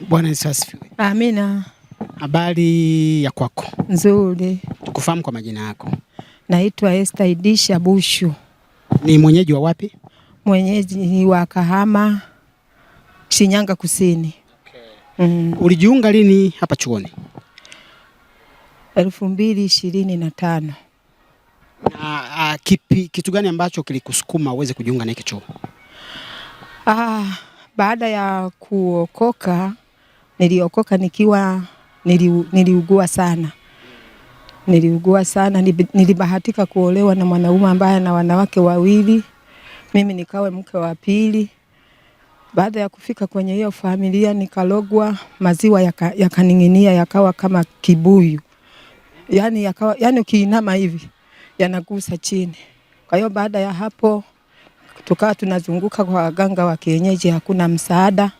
Bwana Yesu asifiwe. Amina. Habari ya kwako? Nzuri. Tukufahamu kwa majina yako? Naitwa Esther Idisha Bushu. Ni mwenyeji wa wapi? Mwenyeji wa Kahama, Shinyanga Kusini. Okay. Mm. Ulijiunga lini hapa chuoni? elfu mbili ishirini na tano. Na kipi, kitu gani ambacho kilikusukuma uweze kujiunga na hiki chuo? Ah, baada ya kuokoka niliokoka nikiwa nili, niliugua sana niliugua sana. Nilibahatika kuolewa na mwanaume ambaye ana wanawake wawili, mimi nikawe mke wa pili. Baada ya kufika kwenye hiyo familia nikalogwa, maziwa yakaning'inia, yaka yakawa kama kibuyu, yani yakawa, yani ukiinama hivi yanagusa chini. Kwa hiyo baada ya hapo tukawa tunazunguka kwa waganga wa kienyeji, hakuna msaada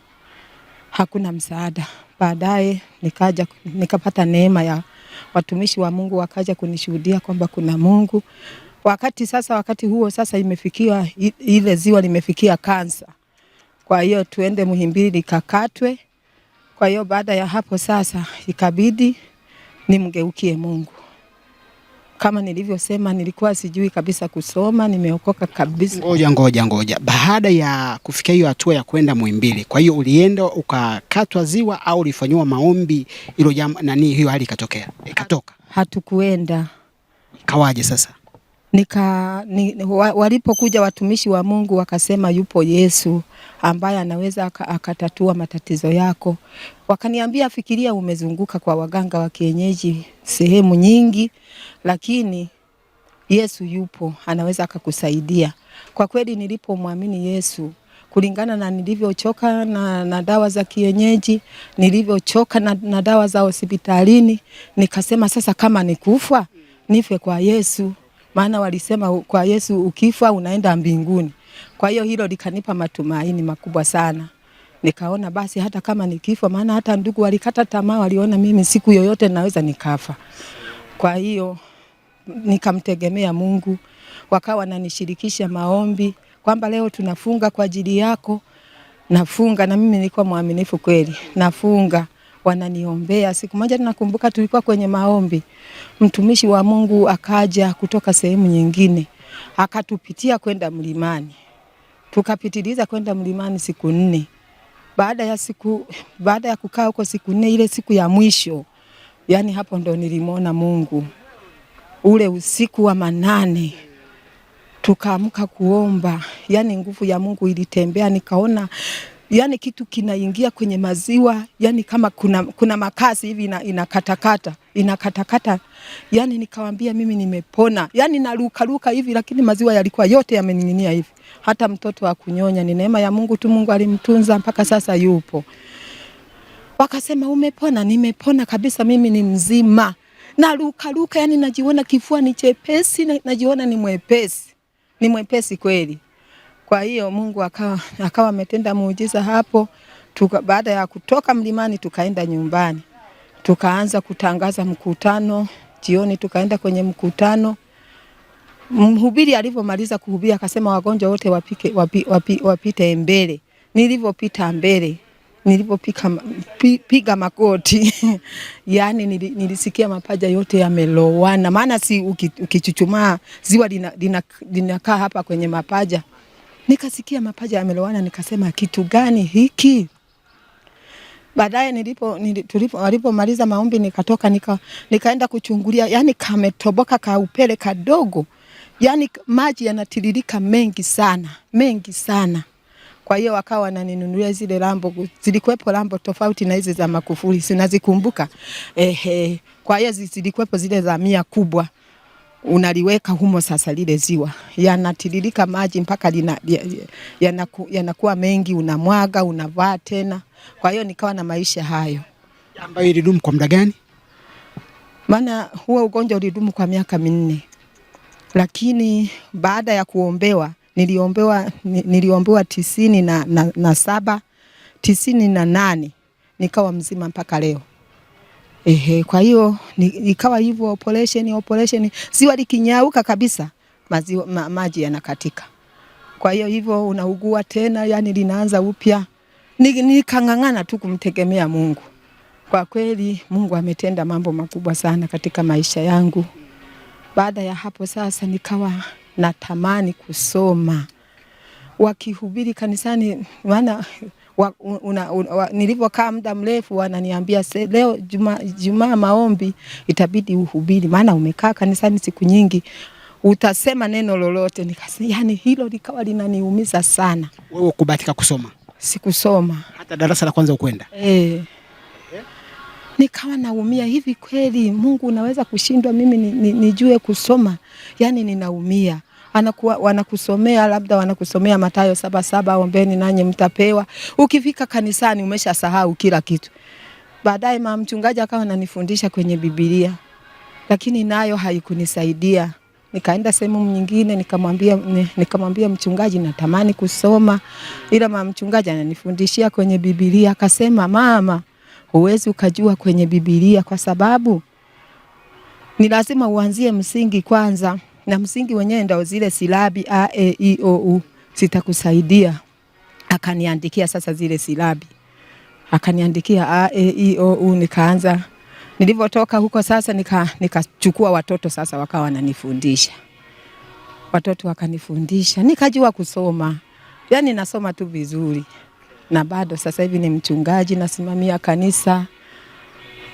hakuna msaada. Baadaye nikaja nikapata neema ya watumishi wa Mungu, wakaja kunishuhudia kwamba kuna Mungu. Wakati sasa, wakati huo sasa imefikia ile ziwa limefikia kansa, kwa hiyo tuende Muhimbili nikakatwe. Kwa hiyo baada ya hapo sasa ikabidi nimgeukie Mungu. Kama nilivyosema, nilikuwa sijui kabisa kusoma, nimeokoka kabisa. Ngoja ngoja ngoja, baada ya kufikia hiyo hatua ya kwenda Muhimbili, kwa hiyo ulienda ukakatwa ziwa au ulifanyiwa maombi ilo jam, nani, hiyo hali ikatokea ikatoka? Hatukuenda. Kawaje sasa? Nika ni, walipokuja watumishi wa Mungu wakasema yupo Yesu ambaye anaweza akatatua matatizo yako. Wakaniambia fikiria, umezunguka kwa waganga wa kienyeji sehemu nyingi, lakini Yesu yupo, anaweza akakusaidia. Kwa kweli nilipomwamini Yesu kulingana na nilivyochoka na, na dawa za kienyeji nilivyochoka na, na dawa za hospitalini, nikasema sasa, kama nikufa nife kwa Yesu, maana walisema kwa Yesu ukifa unaenda mbinguni. Kwa hiyo hilo likanipa matumaini makubwa sana nikaona basi hata kama nikifa, maana hata ndugu walikata tamaa, waliona mimi siku yoyote naweza nikafa. Kwa hiyo nikamtegemea Mungu, wakawa wananishirikisha maombi kwamba leo tunafunga kwa ajili yako, nafunga na mimi nilikuwa mwaminifu kweli, nafunga wananiombea. Siku moja tunakumbuka, tulikuwa kwenye maombi, mtumishi wa Mungu akaja kutoka sehemu nyingine, akatupitia kwenda mlimani, tukapitiliza kwenda mlimani siku nne baada ya siku, baada ya kukaa huko siku nne, ile siku ya mwisho, yani hapo ndo nilimwona Mungu. Ule usiku wa manane tukaamka kuomba, yani nguvu ya Mungu ilitembea, nikaona yani kitu kinaingia kwenye maziwa, yani kama kuna, kuna makasi hivi inakatakata inakatakata, yani nikawambia mimi nimepona, yani narukaruka hivi, lakini maziwa yalikuwa yote yamening'inia hivi, hata mtoto wa kunyonya. Ni neema ya Mungu tu, Mungu alimtunza mpaka sasa yupo. Wakasema umepona. Nimepona kabisa, mimi ni mzima, narukaruka, yani najiona kifua ni chepesi, najiona ni mwepesi, ni mwepesi kweli. Kwa hiyo Mungu akawa akawa ametenda muujiza hapo tuka, baada ya kutoka mlimani tukaenda nyumbani tukaanza kutangaza mkutano jioni, tukaenda kwenye mkutano. Mhubiri alivyomaliza kuhubiri akasema wagonjwa wote wapike, wapi, wapi, wapite mbele. Nilivyopita mbele nilivyopiga pi, magoti yani nilisikia mapaja yote yamelowana, maana si ukichuchumaa ziwa linakaa lina, lina hapa kwenye mapaja Nikasikia mapaja amelowana, nikasema kitu gani hiki? Baadaye nilipo tulipo walipomaliza maombi nikatoka nika, nikaenda kuchungulia, yani kametoboka ka upele kadogo, yani maji yanatiririka mengi sana mengi sana. Kwa hiyo wakawa wananinunulia zile lambo, zilikuwepo lambo tofauti na hizi za makufuri, sinazikumbuka ehe. Kwa hiyo zilikuwepo zile za mia kubwa unaliweka humo sasa, lile ziwa yanatiririka maji mpaka yanaku, yanakuwa mengi, unamwaga unavaa tena. Kwa hiyo nikawa na maisha hayo ambayo ilidumu kwa muda gani? Maana huo ugonjwa ulidumu kwa miaka minne, lakini baada ya kuombewa niliombewa, niliombewa tisini na, na, na saba tisini na nane nikawa mzima mpaka leo. Ehe, kwa hiyo ikawa hivyo operation operation, ziwa likinyauka kabisa, maziwa ma, maji yanakatika. Kwa hiyo hivyo unaugua tena, yani linaanza upya. Nikang'ang'ana tu kumtegemea Mungu. Kwa kweli Mungu ametenda mambo makubwa sana katika maisha yangu. Baada ya hapo sasa nikawa natamani kusoma wakihubiri kanisani, maana nilivyokaa muda mrefu wananiambia leo Jumaa juma maombi itabidi uhubiri, maana umekaa kanisani siku nyingi utasema neno lolote. Nikasema yani, hilo likawa linaniumiza sana. Wewe kubahatika kusoma? Sikusoma hata darasa la kwanza ukwenda e. Eh. Nikawa naumia hivi, kweli Mungu unaweza kushindwa mimi nijue kusoma? Yani ninaumia anakuwa wanakusomea labda wanakusomea Mathayo saba saba, ombeni nanyi mtapewa. Ukifika kanisani umeshasahau kila kitu. Baadaye mama mchungaji akawa ananifundisha kwenye Biblia, lakini nayo haikunisaidia. Nikaenda sehemu nyingine, nikamwambia nikamwambia mchungaji, natamani kusoma, ila mama mchungaji ananifundishia kwenye Biblia. Akasema, mama, huwezi ukajua kwenye Biblia kwa sababu ni lazima uanzie msingi kwanza na msingi wenyewe ndio zile silabi a e i o u zitakusaidia. Akaniandikia sasa zile silabi, akaniandikia a e i o u, nikaanza nilivyotoka huko sasa nika nikachukua watoto sasa, wakawa wananifundisha watoto, wakanifundisha nikajua kusoma, yani nasoma tu vizuri, na bado sasa hivi ni mchungaji, nasimamia kanisa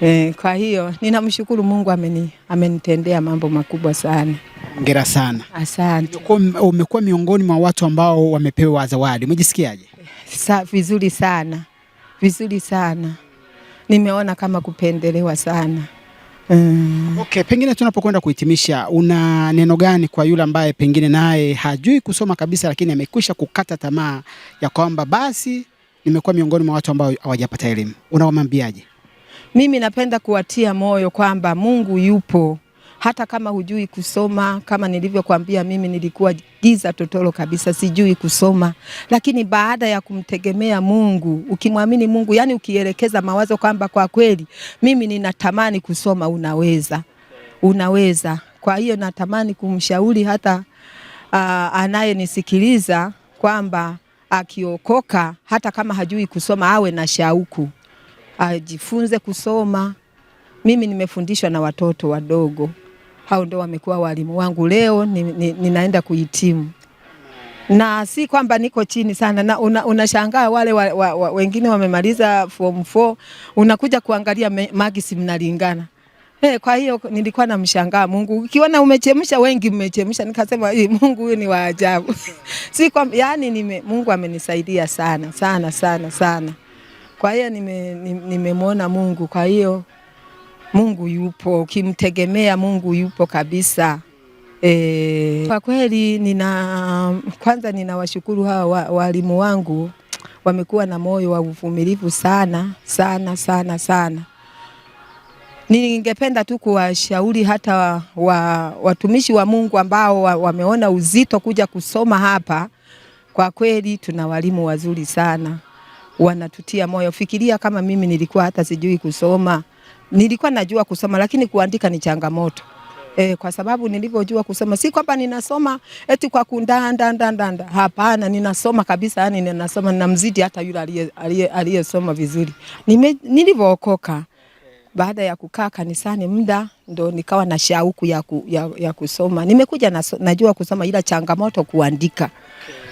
e. Kwa hiyo ninamshukuru Mungu ameni, amenitendea mambo makubwa sana. Ngera sana. Asante. Umekuwa miongoni mwa watu ambao wamepewa zawadi, umejisikiaje? Sa, vizuri sana vizuri sana, nimeona kama kupendelewa sana mm. Okay, pengine tunapokwenda kuhitimisha, una neno gani kwa yule ambaye pengine naye hajui kusoma kabisa, lakini amekwisha kukata tamaa ya kwamba basi nimekuwa miongoni mwa watu ambao hawajapata elimu, unawamwambiaje? Mimi napenda kuwatia moyo kwamba Mungu yupo hata kama hujui kusoma. Kama nilivyokuambia, mimi nilikuwa giza totoro kabisa, sijui kusoma, lakini baada ya kumtegemea Mungu, ukimwamini Mungu, yani ukielekeza mawazo kwamba kwa kweli mimi ninatamani kusoma, unaweza, unaweza. Kwa hiyo natamani kumshauri hata uh, anayenisikiliza kwamba akiokoka, hata kama hajui kusoma, awe na shauku, ajifunze kusoma. Mimi nimefundishwa na watoto wadogo hao ndio wamekuwa walimu wangu. Leo ninaenda ni, ni kuhitimu na si kwamba niko chini sana, na unashangaa una wale wa, wa, wa, wengine wamemaliza form 4 unakuja kuangalia magisi mnalingana. Hey, eh, kwa hiyo nilikuwa na mshangaa Mungu, ukiona umechemsha wengi mmechemsha, nikasema Mungu huyu ni wa ajabu si kwa, yani nime, Mungu amenisaidia sana sana sana sana, kwa hiyo nimemwona nime Mungu, kwa hiyo Mungu yupo, ukimtegemea Mungu yupo kabisa. E, kwa kweli nina kwanza ninawashukuru hawa walimu wangu wamekuwa na moyo wa uvumilivu sana sana sana sana. Ningependa tu kuwashauri hata wa, wa, watumishi wa Mungu ambao wa, wameona uzito kuja kusoma hapa. Kwa kweli tuna walimu wazuri sana, wanatutia moyo. Fikiria kama mimi nilikuwa hata sijui kusoma nilikuwa najua kusoma lakini kuandika ni changamoto. E, kwa sababu nilivyojua kusoma si kwamba ninasoma eti kwa kundandandandanda. Hapana, ninasoma kabisa, yani ninasoma na mzidi hata yule aliyesoma vizuri. Nilivyookoka baada ya kukaa kanisani muda ndo nikawa na shauku ya, ku, ya, ya kusoma. Nimekuja na, najua kusoma ila changamoto kuandika.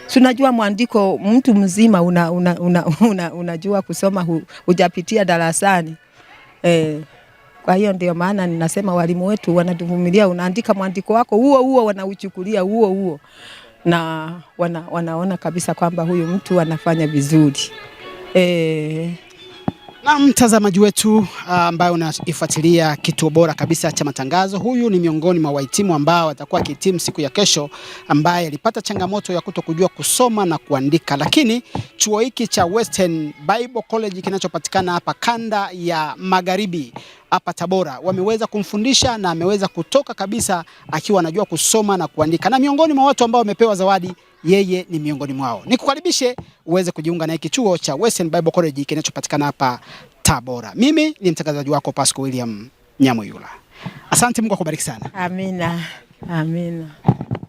Si mwandiko mtu mzima unajua una, una, una, una kusoma hujapitia darasani Eh. Kwa hiyo ndio maana ninasema walimu wetu wanatuvumilia, unaandika mwandiko wako huo huo wanauchukulia huo huo na wana, wanaona kabisa kwamba huyu mtu anafanya vizuri eh. Na mtazamaji wetu ah, ambaye unaifuatilia kituo bora kabisa cha matangazo, huyu ni miongoni mwa wahitimu ambao watakuwa kihitimu siku ya kesho, ambaye alipata changamoto ya kuto kujua kusoma na kuandika, lakini chuo hiki cha Western Bible College kinachopatikana hapa kanda ya Magharibi hapa Tabora wameweza kumfundisha na ameweza kutoka kabisa akiwa anajua kusoma na kuandika, na miongoni mwa watu ambao wamepewa zawadi yeye ni miongoni mwao. Nikukaribishe uweze kujiunga na hiki cha Western Bible College kinachopatikana hapa Tabora. Mimi ni mtangazaji wako Pascal William Nyamuyula. Asante, Mungu akubariki sana. Amina. Amina.